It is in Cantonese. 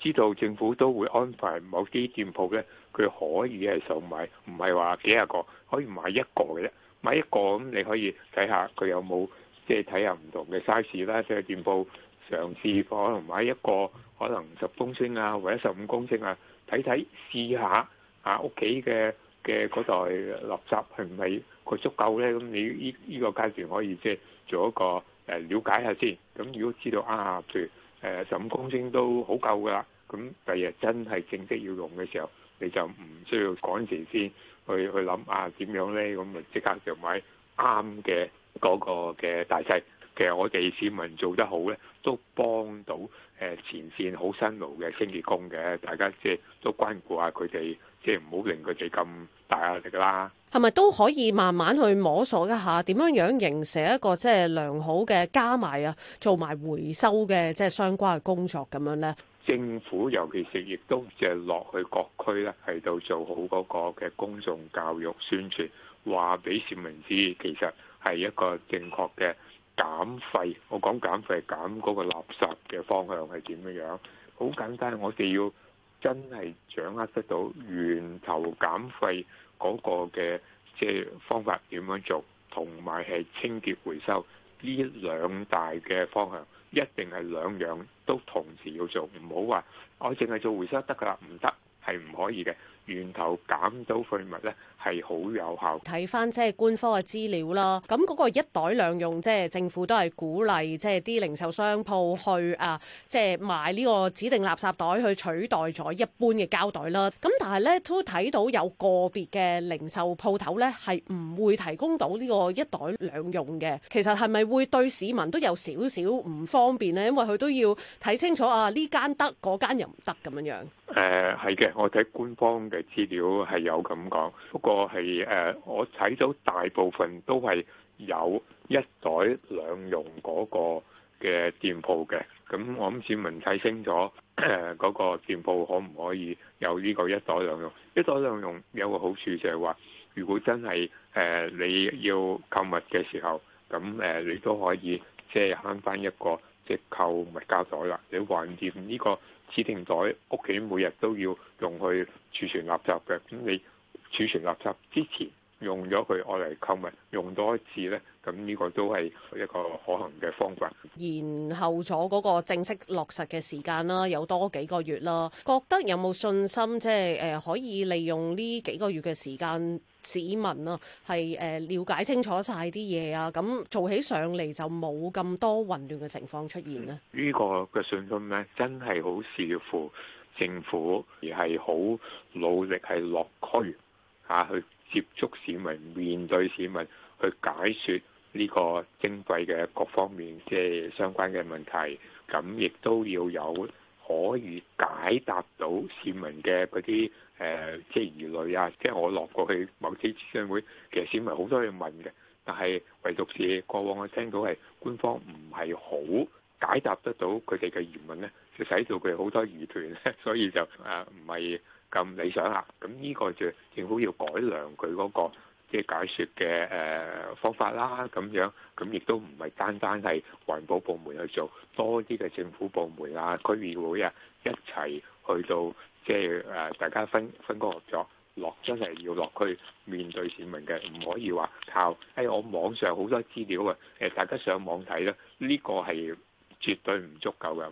知道政府都會安排某啲店鋪呢，佢可以係售賣，唔係話幾廿個可以買一個嘅啫。買一個咁你可以睇下佢有冇，即係睇下唔同嘅 size 啦，即係店鋪嘗試，可能買一個，可能十公升啊，或者十五公升啊，睇睇試下嚇屋企嘅嘅嗰袋垃圾係咪佢足夠呢？咁你呢呢個階段可以即係做一個誒了解下先。咁如果知道啊，譬如。誒十五公升都好夠㗎啦，咁第二日真係正式要用嘅時候，你就唔需要趕時先去去諗下點樣咧，咁就即刻就買啱嘅嗰個嘅大細。其實我哋市民做得好咧，都幫到誒前線好辛勞嘅清潔工嘅，大家即係都關顧下佢哋，即係唔好令佢哋咁大壓力噶啦。係咪都可以慢慢去摸索一下點樣樣形成一個即係良好嘅加埋啊，做埋回收嘅即係相關嘅工作咁樣咧？政府尤其是亦都淨係落去各區咧，喺度做好嗰個嘅公眾教育宣傳，話俾市民知，其實係一個正確嘅。減廢，我講減廢係減嗰個垃圾嘅方向係點樣樣？好簡單，我哋要真係掌握得到源頭減廢嗰個嘅即係方法點樣做，同埋係清潔回收呢兩大嘅方向，一定係兩樣都同時要做，唔好話我淨係做回收得㗎啦，唔得。係唔可以嘅源頭減到廢物咧，係好有效。睇翻即係官方嘅資料啦，咁嗰個一袋兩用，即係政府都係鼓勵，即係啲零售商鋪去啊，即係買呢個指定垃圾袋去取代咗一般嘅膠袋啦。咁但係咧都睇到有個別嘅零售鋪頭咧，係唔會提供到呢個一袋兩用嘅。其實係咪會對市民都有少少唔方便咧？因為佢都要睇清楚啊，呢間得，嗰間又唔得咁樣樣。誒係嘅，我睇官方嘅資料係有咁講，不過係誒、呃、我睇到大部分都係有一袋兩用嗰個嘅店鋪嘅，咁我諗市民睇清楚誒嗰、呃那個店鋪可唔可以有呢個一袋兩用？一袋兩用有個好處就係話，如果真係誒、呃、你要購物嘅時候，咁誒、呃、你都可以即係慳翻一個。即係購物膠袋啦，你橫掂呢個指定袋屋企每日都要用去儲存垃圾嘅，咁，你儲存垃圾之前用咗佢愛嚟購物，用多一次呢？咁呢個都係一個可行嘅方法。然後咗嗰個正式落實嘅時間啦，有多幾個月啦，覺得有冇信心即係可以利用呢幾個月嘅時間？市民啊，係誒了解清楚晒啲嘢啊，咁做起上嚟就冇咁多混亂嘅情況出現咧。呢、嗯呢個嘅信心咧，真係好視乎政府而係好努力係落區嚇、啊、去接觸市民、面對市民去解説呢個徵費嘅各方面即係相關嘅問題，咁亦都要有。可以解答到市民嘅嗰啲誒，即係疑慮啊！即係我落過去某次諮詢會，其實市民好多嘢問嘅，但係唯獨是過往我聽到係官方唔係好解答得到佢哋嘅疑問咧，就使到佢好多疑團咧，所以就誒唔係咁理想啦。咁呢個就政府要改良佢嗰個。即係解説嘅誒方法啦，咁樣咁亦都唔係單單係環保部門去做，多啲嘅政府部門啊、區議會啊一齊去到即係誒大家分分工合作，落真係要落去面對市民嘅，唔可以話靠誒、哎、我網上好多資料啊，誒大家上網睇啦，呢、呢個係絕對唔足夠嘅。